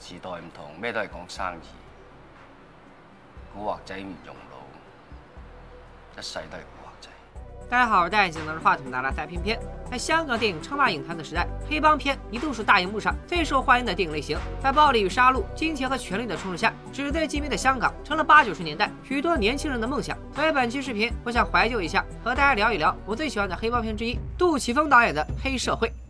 時代唔同，咩都係講生意。古惑仔唔用腦，一世都係古惑仔。大家好，我哋係鏡頭入面話筒嘅拉拉西片片。喺香港電影稱霸影壇嘅時代，黑幫片一度是大銀幕上最受歡迎嘅電影類型。喺暴力與殺戮、金錢和權力的衝突下，紙醉金迷嘅香港，成了八九十年代許多年輕人的夢想。所以本期視頻，我想懷舊一下，和大家聊一聊我最喜歡嘅黑幫片之一——杜琪峰導演嘅《黑社會》。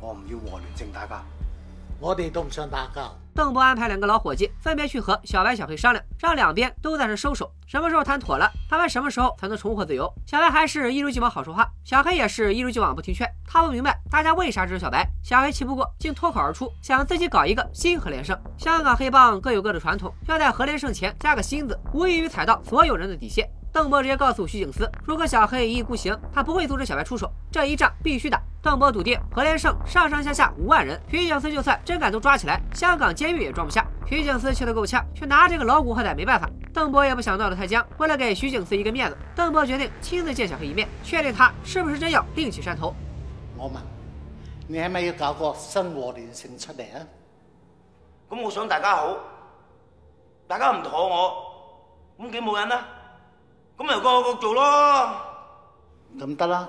我唔要和聯勝打架，我哋都唔想打架。鄧波安排兩個老伙計分別去和小白、小黑商量，讓兩邊都在這收手。什麼時候談妥了，他們什麼時候才能重獲自由？小白還是一如既往好說話，小黑也是一如既往不聽勸。他不明白大家為啥支持小白，小黑氣不過，竟脱口而出，想自己搞一個新和聯勝。香港黑幫各有各的傳統，要在和聯勝前加個新字，無異於踩到所有人的底線。鄧波直接告訴徐警司，如果小黑一意孤行，他不會阻止小白出手，這一仗必須打。鄧博篤定和聯勝上上下下五萬人，許警司就算真敢都抓起來，香港監獄也裝不下。許警司氣得夠嗆，卻拿這個老古惑仔沒辦法。鄧博也不想鬧得太僵，為了給許警司一個面子，鄧博決定親自見小黑一面，確定他是不是真要另起山頭。我問你係咪要搞個新和聯勝出嚟啊？咁我想大家好，大家唔妥我，咁幾冇癮啦，咁咪個個做咯，咁得啦。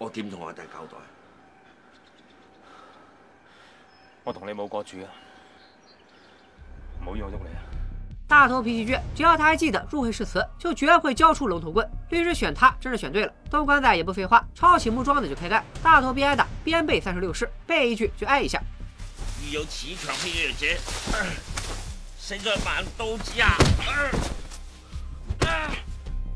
我點同我阿弟交代？我同你冇過住啊！唔好要我喐你啊！大頭脾氣倔，只要他還記得入會誓詞，就絕不會交出龍頭棍。律師選他真是選對了。東莞仔也不廢話，抄起木樁子就開幹。大頭邊挨打邊背三十六式，背一句就挨一下。如有奇犬配月節，呃、死在着滿都架、啊。呃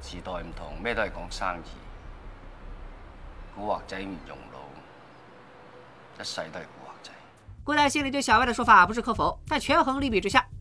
時代唔同，咩都係講生意。古惑仔唔用腦，一世都係古惑仔。顧大兄弟對小歪的說法不置可否，在權衡利弊之下。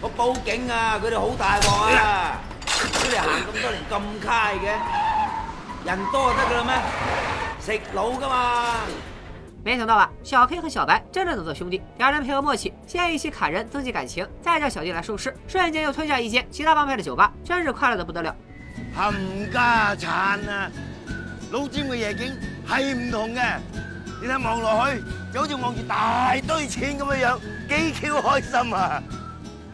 我報警啊！佢哋好大鑊啊！佢哋行咁多年咁 high 嘅，人多得噶啦咩？食腦噶嘛！沒想到啊，小 K 和小白真正能做兄弟，兩人配合默契，先一起砍人增進感情，再叫小弟來收屍，瞬間又吞下一間其他幫派嘅酒吧，真是快樂得不得了。冚家鏟啊！老詹嘅夜景係唔同嘅，你睇，望落去就好似望住大堆錢咁嘅樣，幾 Q 開心啊！